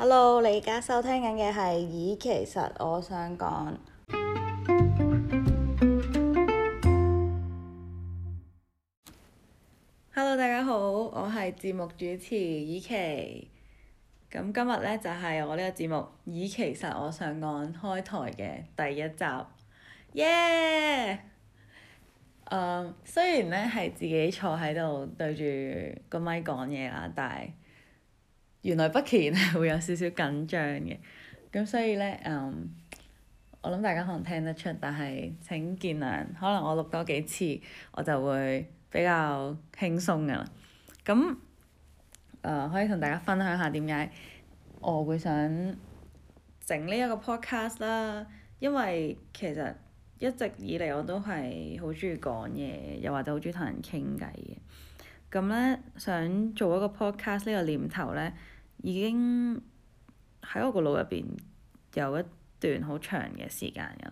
Hello，你而家收聽緊嘅係《以其實我想講》。Hello，大家好，我係節目主持綺琪。咁今日呢，就係我呢個節目《以其實我想講》開台嘅第一集。耶、yeah！e、uh, 雖然呢係自己坐喺度對住個麥講嘢啦，但係，原來不期然係會有少少緊張嘅，咁所以呢，um, 我諗大家可能聽得出，但係請見諒，可能我錄多幾次，我就會比較輕鬆噶啦。咁，uh, 可以同大家分享下點解我會想整呢一個 podcast 啦，因為其實一直以嚟我都係好鍾意講嘢，又或者好鍾意同人傾偈嘅。咁呢，想做一個 podcast 呢個念頭呢，已經喺我個腦入邊有一段好長嘅時間㗎。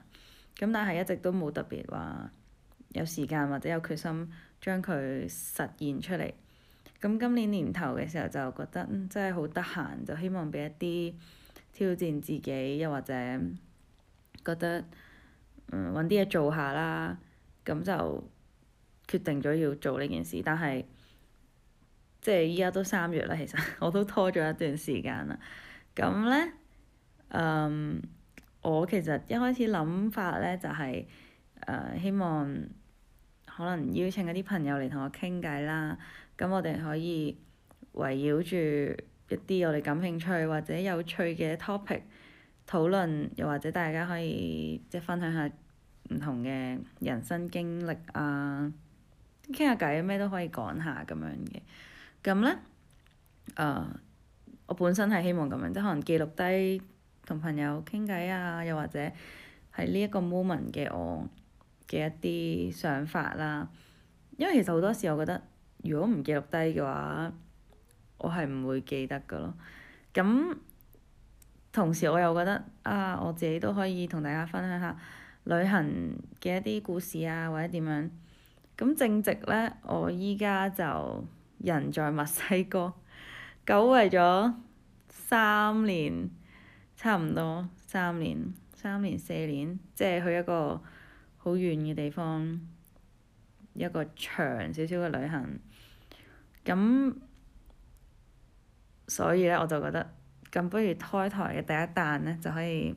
咁但係一直都冇特別話有時間或者有決心將佢實現出嚟。咁今年年頭嘅時候就覺得，嗯，真係好得閒，就希望俾一啲挑戰自己，又或者覺得嗯，揾啲嘢做下啦。咁就決定咗要做呢件事，但係～即係依家都三月啦，其實我都拖咗一段時間啦。咁呢，um, 我其實一開始諗法呢，就係誒希望可能邀請一啲朋友嚟同我傾偈啦。咁我哋可以圍繞住一啲我哋感興趣或者有趣嘅 topic 討論，又或者大家可以即係分享下唔同嘅人生經歷啊，傾下偈，咩都可以講下咁樣嘅。咁呢，誒，uh，我本身係希望咁樣，即係可能記錄低同朋友傾偈啊，又或者喺呢一個 moment 嘅我嘅一啲想法啦。因為其實好多時，我覺得如果唔記錄低嘅話，我係唔會記得㗎囉。咁同時，我又覺得啊，我自己都可以同大家分享下旅行嘅一啲故事啊，或者點樣。咁正直呢，我依家就～人在墨西哥，久違咗三年，差唔多三年、三年四年，即係去一個好遠嘅地方，一個長少少嘅旅行。咁，所以呢，我就覺得咁不如開台嘅第一彈呢，就可以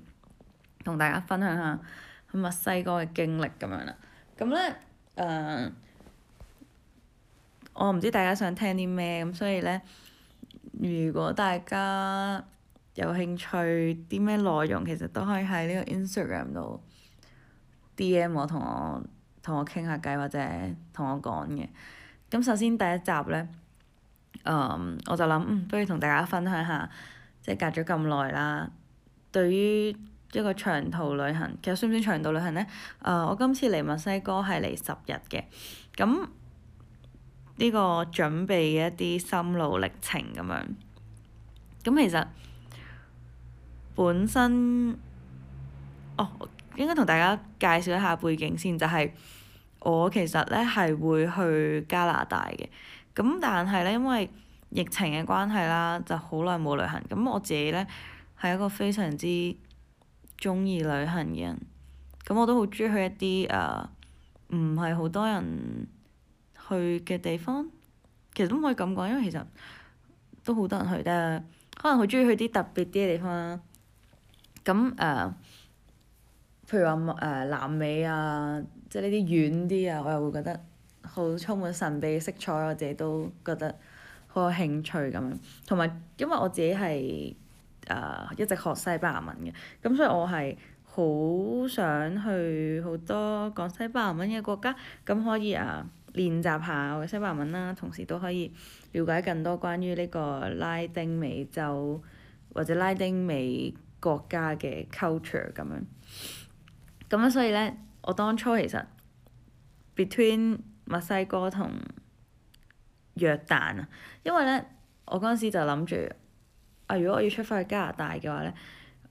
同大家分享下墨西哥嘅經歷咁樣嘞。咁呢。誒、呃。我唔知大家想聽啲咩，咁所以呢，如果大家有興趣啲咩內容，其實都可以喺呢個 Instagram 度 DM 我，同我同我傾下偈，或者同我講嘅。咁首先第一集呢，嗯、我就諗、嗯，不如同大家分享下，即係隔咗咁耐啦。對於一個長途旅行，其實算唔算長途旅行呢？嗯、我今次嚟墨西哥係嚟十日嘅，咁。呢個準備嘅一啲心路歷程咁樣，咁其實本身，哦，應該同大家介紹一下背景先，就係我其實呢係會去加拿大嘅，咁但係呢，因為疫情嘅關係啦，就好耐冇旅行，咁我自己呢，係一個非常之中意旅行嘅人，咁我都好中意去一啲誒唔係好多人去嘅地方，其實都唔可以咁講，因為其實都好多人去，但係可能好中意去啲特別啲嘅地方啦。咁誒、呃，譬如話誒、呃、南美啊，即係呢啲遠啲啊，我又會覺得好充滿神秘色彩，我自己都覺得好有興趣咁樣。同埋因為我自己係誒、呃、一直學西班牙文嘅，咁所以我係好想去好多講西班牙文嘅國家，咁可以啊，練習下我嘅西班牙文啦，同時都可以了解更多關於呢個拉丁美洲或者拉丁美國家嘅 culture 咁樣。咁樣，所以呢，我當初其實 Between 墨西哥同約旦啊，因為呢，我嗰陣時就諗住啊，如果我要出翻去加拿大嘅話呢，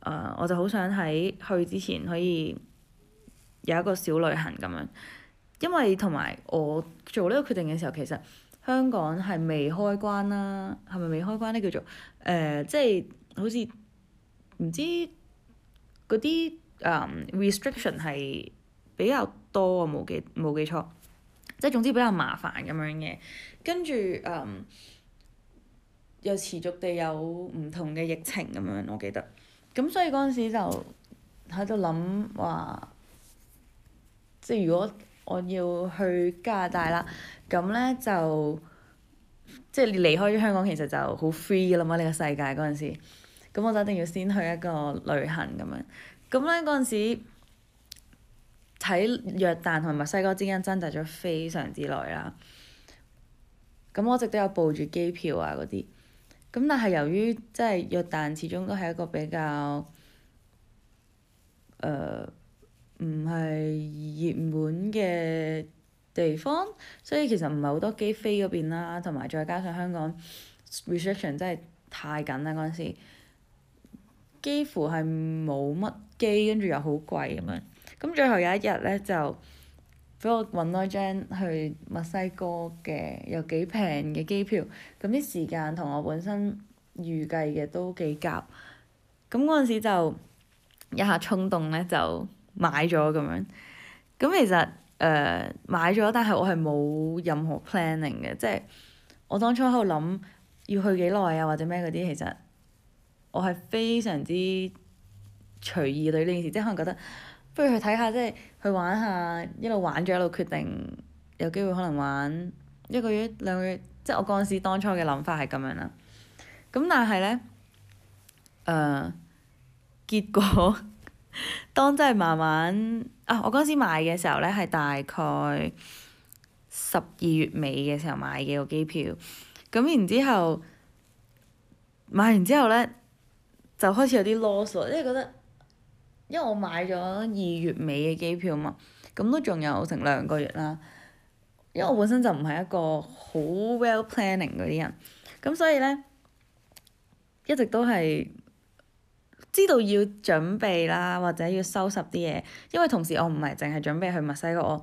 誒、啊，我就好想喺去之前可以有一個小旅行咁樣。因為同埋我做呢個決定嘅時候，其實香港係未開關啦，係咪未開關呢？叫做誒、呃，即係好似唔知嗰啲誒、呃、restriction 係比較多啊，冇記冇記錯，即係總之比較麻煩咁樣嘅。跟住誒又持續地有唔同嘅疫情咁樣，我記得。咁所以嗰陣時就喺度諗話，即係如果。我要去加拿大啦，咁呢，就即、是、係離開咗香港，其實就好 free 啦嘛！呢、呢個世界嗰陣時，咁我就一定要先去一個旅行咁樣，咁呢，嗰陣時睇約旦同埋墨西哥之間掙扎咗非常之耐啦，咁我一直都有報住機票啊嗰啲，咁但係由於即係約旦始終都係一個比較誒。呃唔係熱門嘅地方，所以其實唔係好多機飛嗰邊啦，同埋再加上香港 recession 真係太緊啦嗰陣時，幾乎係冇乜機，跟住又好貴咁樣。咁最後有一日呢，就俾我揾到一張去墨西哥嘅又幾平嘅機票，咁啲時間同我本身預計嘅都幾夾。咁嗰陣時就一下衝動呢，就～買咗咁樣，咁其實誒、呃、買咗，但係我係冇任何 planning 嘅，即係我當初喺度諗要去幾耐啊？或者咩嗰啲，其實我係非常之隨意對呢件事，即係可能覺得不如去睇下，即係去玩下，一路玩咗一路決定有機會可能玩一個月兩個月，即係我嗰陣時當初嘅諗法係咁樣啦。咁但係呢，誒、呃、結果。 當真係慢慢啊！我嗰陣時買嘅時候咧，係大概十二月尾嘅時候買嘅個機票，咁然之後買完之後咧，就開始有啲囉嗦，因為覺得因為我買咗二月尾嘅機票啊嘛，咁都仲有成兩個月啦，因為我本身就唔係一個好 well planning 嗰啲人，咁所以咧一直都係。知道要準備啦，或者要收拾啲嘢，因為同時我唔係淨係準備去墨西哥，我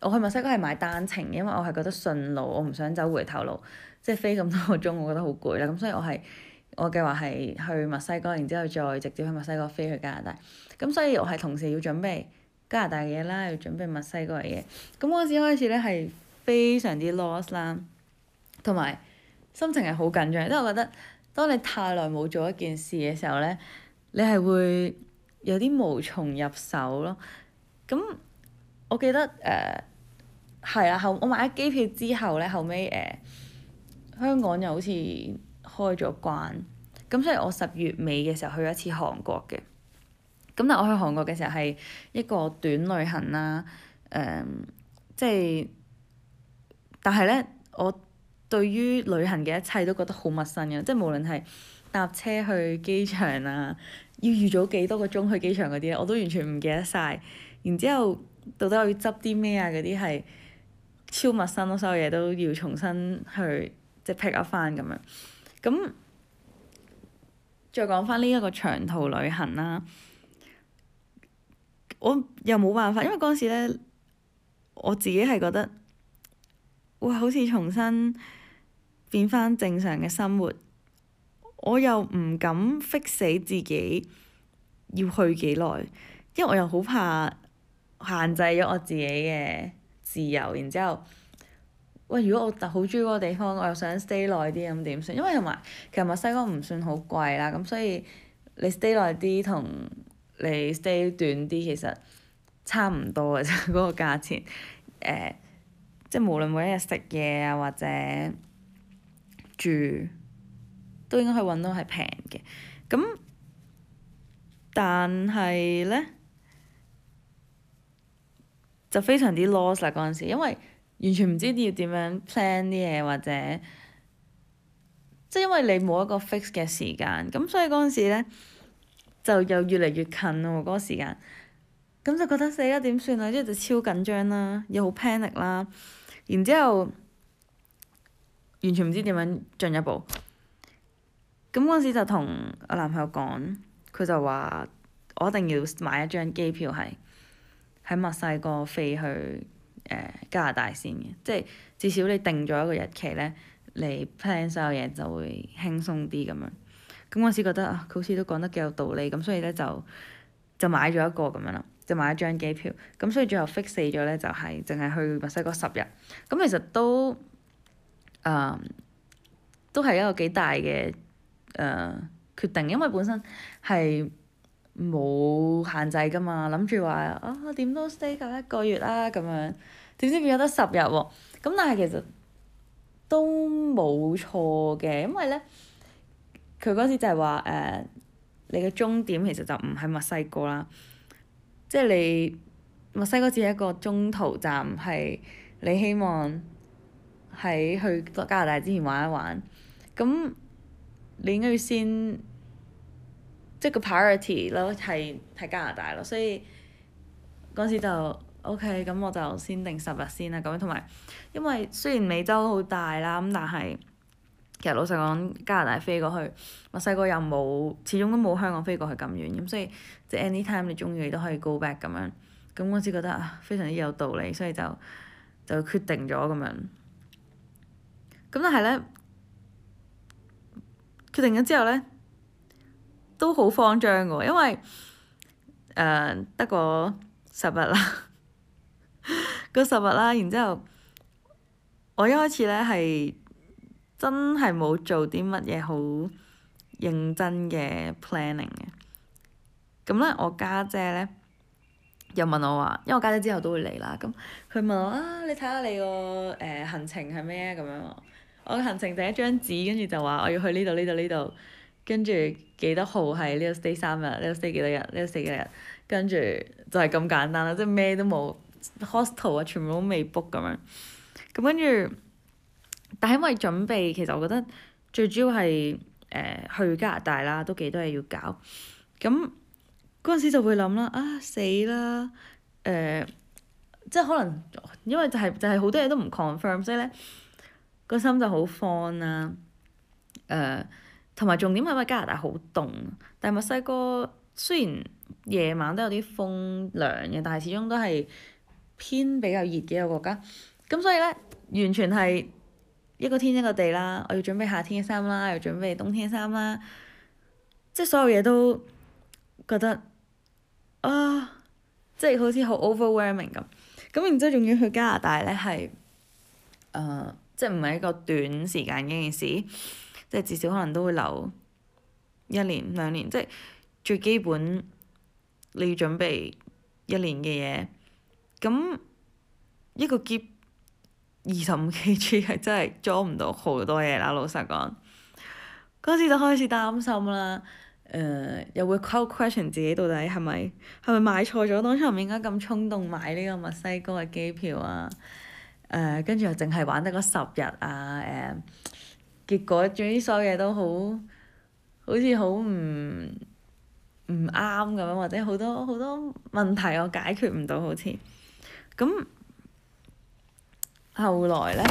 我去墨西哥係買單程，因為我係覺得順路，我唔想走回頭路，即係飛咁多個鐘，我覺得好攰啦，咁所以我係我計劃係去墨西哥，然之後再直接去墨西哥飛去加拿大，咁所以我係同時要準備加拿大嘅嘢啦，要準備墨西哥嘅嘢，咁嗰陣時開始咧係非常之 lost 啦，同埋心情係好緊張，因為我覺得當你太耐冇做一件事嘅時候咧。你係會有啲無從入手咯，咁我記得誒係啊，後我買咗機票之後咧，後尾誒、呃、香港又好似開咗關，咁所以我十月尾嘅時候去咗一次韓國嘅。咁但我去韓國嘅時候係一個短旅行啦，誒、呃、即係但係咧，我對於旅行嘅一切都覺得好陌生嘅，即係無論係。搭車去機場啊！要預早幾多個鐘去機場嗰啲咧，我都完全唔記得晒。然之後到底我要執啲咩啊？嗰啲係超陌生咯，所有嘢都要重新去即係 pick up 翻咁樣。咁、就是、再講翻呢一個長途旅行啦，我又冇辦法，因為嗰陣時咧，我自己係覺得哇，好似重新變翻正常嘅生活。我又唔敢逼死自己要去幾耐，因為我又好怕限制咗我自己嘅自由，然之後喂，如果我好中意嗰個地方，我又想 stay 耐啲咁點算？因為同埋其實墨西哥唔算好貴啦，咁所以你 stay 耐啲同你 stay 短啲其實差唔多嘅，即係嗰個價錢、呃、即係無論每一日食嘢啊或者住。都應該可以揾到係平嘅，咁但係咧就非常之 loss 啦嗰陣時，因為完全唔知要點樣 plan 啲嘢或者即係因為你冇一個 fix 嘅時間，咁所以嗰陣時咧就又越嚟越近喎嗰個時間，咁就覺得死啦點算啊！即係就超緊張啦，又好 panic 啦，然之後完全唔知點樣進一步。咁嗰陣時就同我男朋友講，佢就話我一定要買一張機票，係喺墨西哥飛去誒加拿大先嘅，即係至少你定咗一個日期咧，你 plan 所有嘢就會輕鬆啲咁樣。咁嗰時覺得啊，佢好似都講得幾有道理，咁所以咧就就買咗一個咁樣啦，就買，一，就買一張機票。咁所以最後 fix 死咗咧，就係淨係去墨西哥十日。咁其實都誒、嗯、都係一個幾大嘅。誒、uh, 決定，因為本身係冇限制噶嘛，諗住話啊點都 stay 夠一個月啦、啊、咁樣，點知變咗得十日喎、啊。咁但係其實都冇錯嘅，因為呢，佢嗰時就係話誒，uh, 你嘅終點其實就唔喺墨西哥啦，即、就、係、是、你墨西哥只係一個中途站，係你希望喺去加拿大之前玩一玩，咁。你應該要先，即係個 priority 咯，係係加拿大咯，所以嗰時就 OK，咁我就先定十日先啦。咁同埋，因為雖然美洲好大啦，咁但係其實老實講，加拿大飛過去，我細個又冇，始終都冇香港飛過去咁遠。咁所以即係、就是、anytime 你中意，你都可以 go back 咁樣。咁嗰時覺得啊，非常之有道理，所以就就決定咗咁樣。咁但係咧。決定咗之後咧，都好慌張嘅，因為誒得個十日啦，個 十日啦，然之後我一開始咧係真係冇做啲乜嘢好認真嘅 planning 嘅，咁咧我家姐咧又問我話，因為我家姐，姐之後都會嚟啦，咁佢問我啊，你睇下你個誒、呃、行程係咩啊咁樣。我行程第一張紙，跟住就話我要去呢度呢度呢度，跟住幾多號喺呢度 stay 三日，呢度 stay 幾多日，呢度 stay 幾多日，跟住就係咁簡單啦，即係咩都冇 hostel 啊，全部都未 book 咁樣，咁跟住，但係因為準備，其實我覺得最主要係誒、呃、去加拿大啦，都幾多嘢要搞，咁嗰陣時就會諗啦，啊死啦，誒、呃，即係可能因為就係、是、就係、是、好多嘢都唔 confirm，所以咧。個心就好慌啦、啊，誒、呃，同埋重點係咪加拿大好凍？但墨西哥雖然夜晚都有啲風涼嘅，但係始終都係偏比較熱嘅一個國家。咁所以呢，完全係一個天一個地啦。我要準備夏天嘅衫啦，又準備冬天衫啦，即係所有嘢都覺得啊，即係好似好 overwhelming 咁。咁然之後仲要去加拿大呢？係誒。呃即係唔係一個短時間嘅件事，即係至少可能都會留一年兩年，即係最基本你要準備一年嘅嘢。咁一個喼二十五 kg 係真係裝唔到好多嘢啦，老實講。嗰時就開始擔心啦，誒、呃、又會 call question 自己到底係咪係咪買錯咗？當初係咪應該咁衝動買呢個墨西哥嘅機票啊？誒，跟住又淨係玩得嗰十日啊！誒、嗯，結果總之所有嘢都好，好似好唔唔啱咁樣，或者好多好多問題我解決唔到，好似咁。後來呢，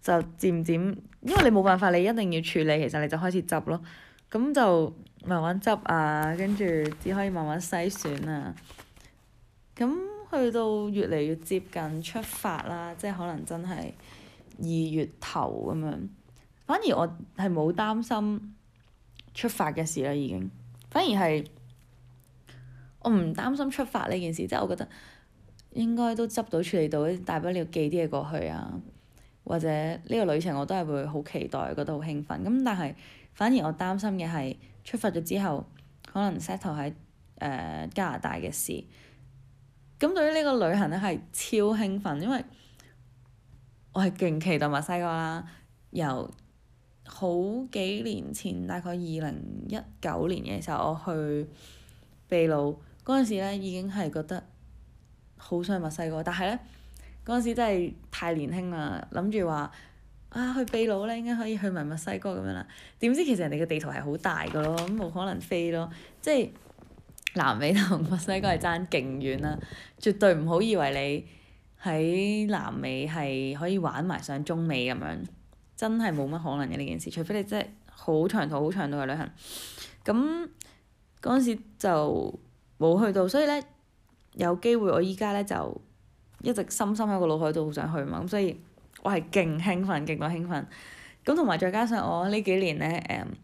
就漸漸，因為你冇辦法，你一定要處理，其實你就開始執咯。咁就慢慢執啊，跟住只可以慢慢篩選啊。咁。去到越嚟越接近出發啦，即係可能真係二月頭咁樣。反而我係冇擔心出發嘅事啦，已經。反而係我唔擔心出發呢件事，即係我覺得應該都執到處理到，大不了寄啲嘢過去啊。或者呢個旅程我都係會好期待，覺得好興奮。咁但係反而我擔心嘅係出發咗之後，可能 settle 喺加拿大嘅事。咁對於呢個旅行咧係超興奮，因為我係勁期待墨西哥啦，由好幾年前大概二零一九年嘅時候我去秘魯嗰陣時咧，已經係覺得好想去墨西哥，但係咧嗰陣時真係太年輕啦，諗住話啊，去秘魯咧應該可以去埋墨西哥咁樣啦，點知其實人哋嘅地圖係好大嘅咯，咁冇可能飛咯，即係。南美同墨西哥係爭勁遠啦，啊，絕對唔好以為你喺南美係可以玩埋上中美咁樣，真係冇乜可能嘅呢件事。除非你真係好長途、好長途去旅行，咁嗰陣時就冇去到，所以呢，有機會我依家呢就一直深深喺個腦海度好想去嘛，咁所以我係勁興奮、勁多興奮。咁同埋再加上我呢幾年呢，誒、嗯、～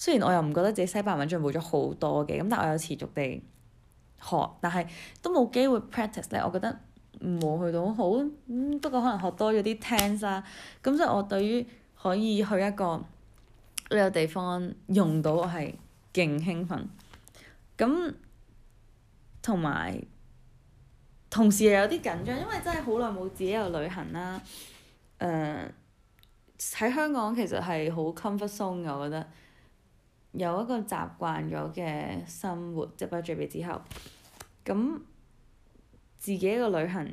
雖然我又唔覺得自己西班牙文進步咗好多嘅，咁但我有持續地學，但係都冇機會 practice 咧。我覺得冇去到好、嗯，不過可能學多咗啲聽啦。咁所以我對於可以去一個呢個地方用到，我係勁興奮。咁同埋同時又有啲緊張，因為真係好耐冇自己有旅行啦。誒、呃、喺香港其實係好 comfortable 嘅，我覺得。有一個習慣咗嘅生活，執返準備之後，咁自己一個旅行，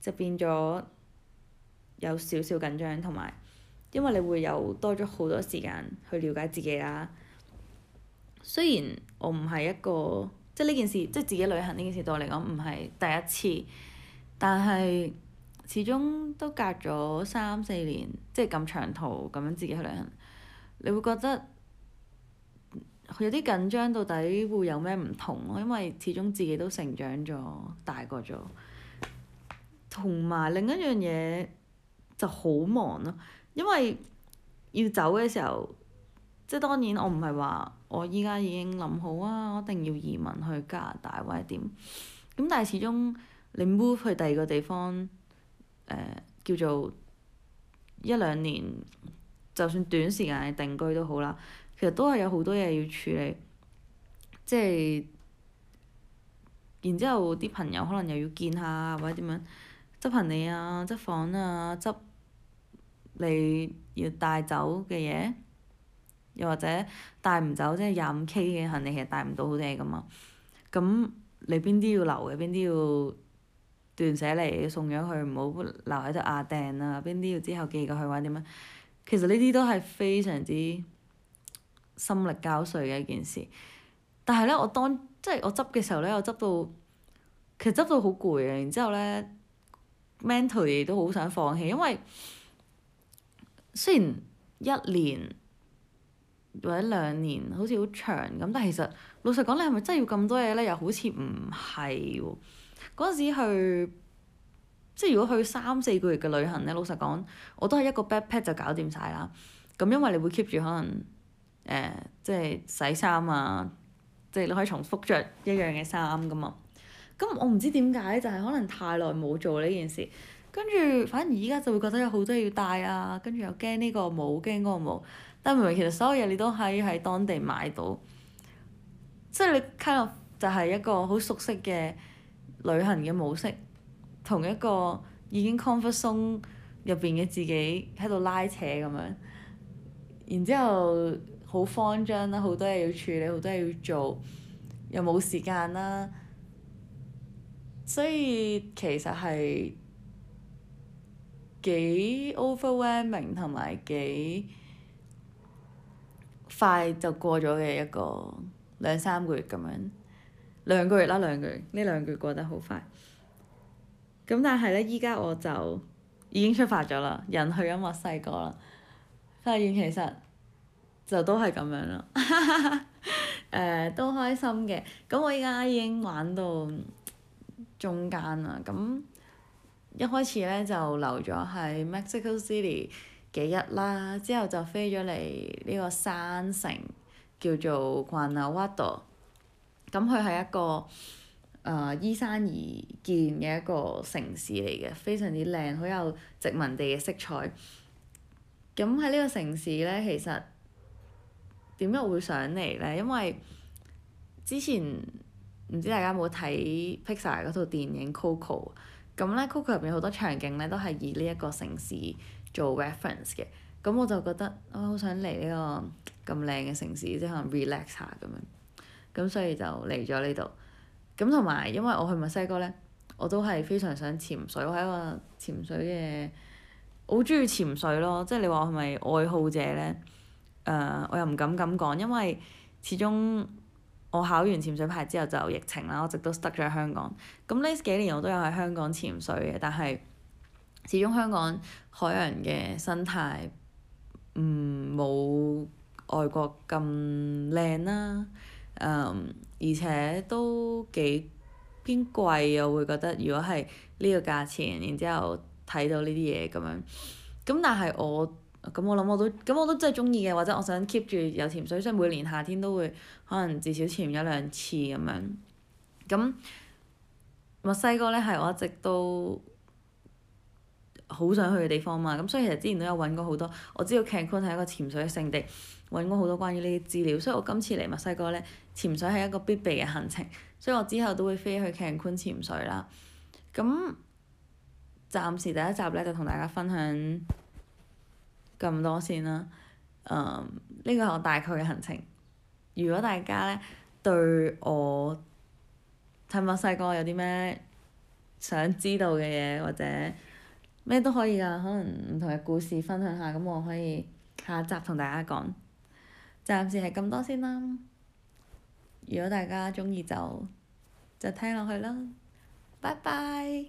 就變咗有少少緊張，同埋因為你會有多咗好多時間去了解自己啦、啊。雖然我唔係一個，即係呢件事，即係自己旅行呢件事對我嚟講唔係第一次，但係始終都隔咗三四年，即係咁長途咁樣自己去旅行，你會覺得。佢有啲緊張，到底會有咩唔同咯？因為始終自己都成長咗，大個咗，同埋另一樣嘢就好忙咯。因為要走嘅時候，即係當然我唔係話我依家已經諗好啊，我一定要移民去加拿大或者點。咁但係始終你 move 去第二個地方，誒、呃、叫做一兩年，就算短時間嘅定居都好啦。其實都係有好多嘢要處理，即係，然之後啲朋友可能又要見下或者點樣，執行李啊、執房啊、執你要帶走嘅嘢，又或者帶唔走，即係廿五 K 嘅行李其實帶唔到好多嘢噶嘛，咁你邊啲要留嘅，邊啲要斷捨離送咗佢，唔好留喺度啊，掟啊，邊啲要之後寄過去或者點樣，其實呢啲都係非常之～心力交瘁嘅一件事，但係咧，我當即係我執嘅時候咧，我執到其實執到好攰啊！然之後咧，mentally 都好想放棄，因為雖然一年或者兩年好似好長咁，但係其實老實講，你係咪真係要咁多嘢咧？又好似唔係喎。嗰陣時去即係如果去三四個月嘅旅行咧，老實講，我都係一個 backpack 就搞掂晒啦。咁因為你會 keep 住可能。誒，uh, 即係洗衫啊！即係你可以重複着一樣嘅衫噶嘛。咁我唔知點解，就係、是、可能太耐冇做呢件事，跟住反而依家就會覺得有好多嘢要帶啊，跟住又驚呢個冇，驚嗰個冇。但係明明其實所有嘢你都可以喺當地買到，即係你卡 kind 入 of 就係一個好熟悉嘅旅行嘅模式，同一個已經 comfort zone 入邊嘅自己喺度拉扯咁樣，然之後。好慌張啦，好多嘢要處理，好多嘢要做，又冇時間啦，所以其實係幾 overwhelming 同埋幾快就過咗嘅一個兩三個月咁樣，兩個月啦，兩個月呢，兩個月過得好快，咁但係咧依家我就已經出發咗啦，人去咗墨西哥啦，發現其實～就都係咁樣咯，誒、 呃、都開心嘅。咁我依家已經玩到中間啦。咁一開始呢，就留咗喺 Mexico City 幾日啦，之後就飛咗嚟呢個山城叫做 Guanajuato。咁佢係一個誒、呃、依山而建嘅一個城市嚟嘅，非常之靚，好有殖民地嘅色彩。咁喺呢個城市呢，其實～點解我會想嚟呢？因為之前唔知大家有冇睇 Pixar 嗰套電影《Coco》？咁呢，《Coco》入邊好多場景呢都係以呢一個城市做 reference 嘅。咁我就覺得啊，好、哎、想嚟呢個咁靚嘅城市，即係可能 relax 下咁樣。咁所以就嚟咗呢度。咁同埋因為我去墨西哥呢，我都係非常想潛水。我係一個潛水嘅，好中意潛水咯。即係你話我係咪愛好者呢？誒，uh, 我又唔敢咁講，因為始終我考完潛水牌之後就疫情啦，我一直都 stuck 咗喺香港。咁呢幾年我都有喺香港潛水嘅，但係始終香港海洋嘅生態唔冇、嗯、外國咁靚啦。誒、嗯，而且都幾偏貴啊，我會覺得如果係呢個價錢，然之後睇到呢啲嘢咁樣，咁但係我。咁我諗我都咁我都真係中意嘅，或者我想 keep 住有潛水，所以每年夏天都會可能至少潛一兩次咁樣。咁墨西哥呢係我一直都好想去嘅地方嘛，咁所以其實之前都有揾過好多，我知道 Cancun 係一個潛水嘅勝地，揾過好多關於呢啲資料，所以我今次嚟墨西哥呢潛水係一個必備嘅行程，所以我之後都會飛去 Cancun 潛水啦。咁暫時第一集呢就同大家分享。咁多先啦，呢個係我大概嘅行程。如果大家呢對我睇埋細個有啲咩想知道嘅嘢，或者咩都可以㗎，可能唔同嘅故事分享下，咁我可以下一集同大家講。暫時係咁多先啦，如果大家鍾意就就聽落去啦，拜拜。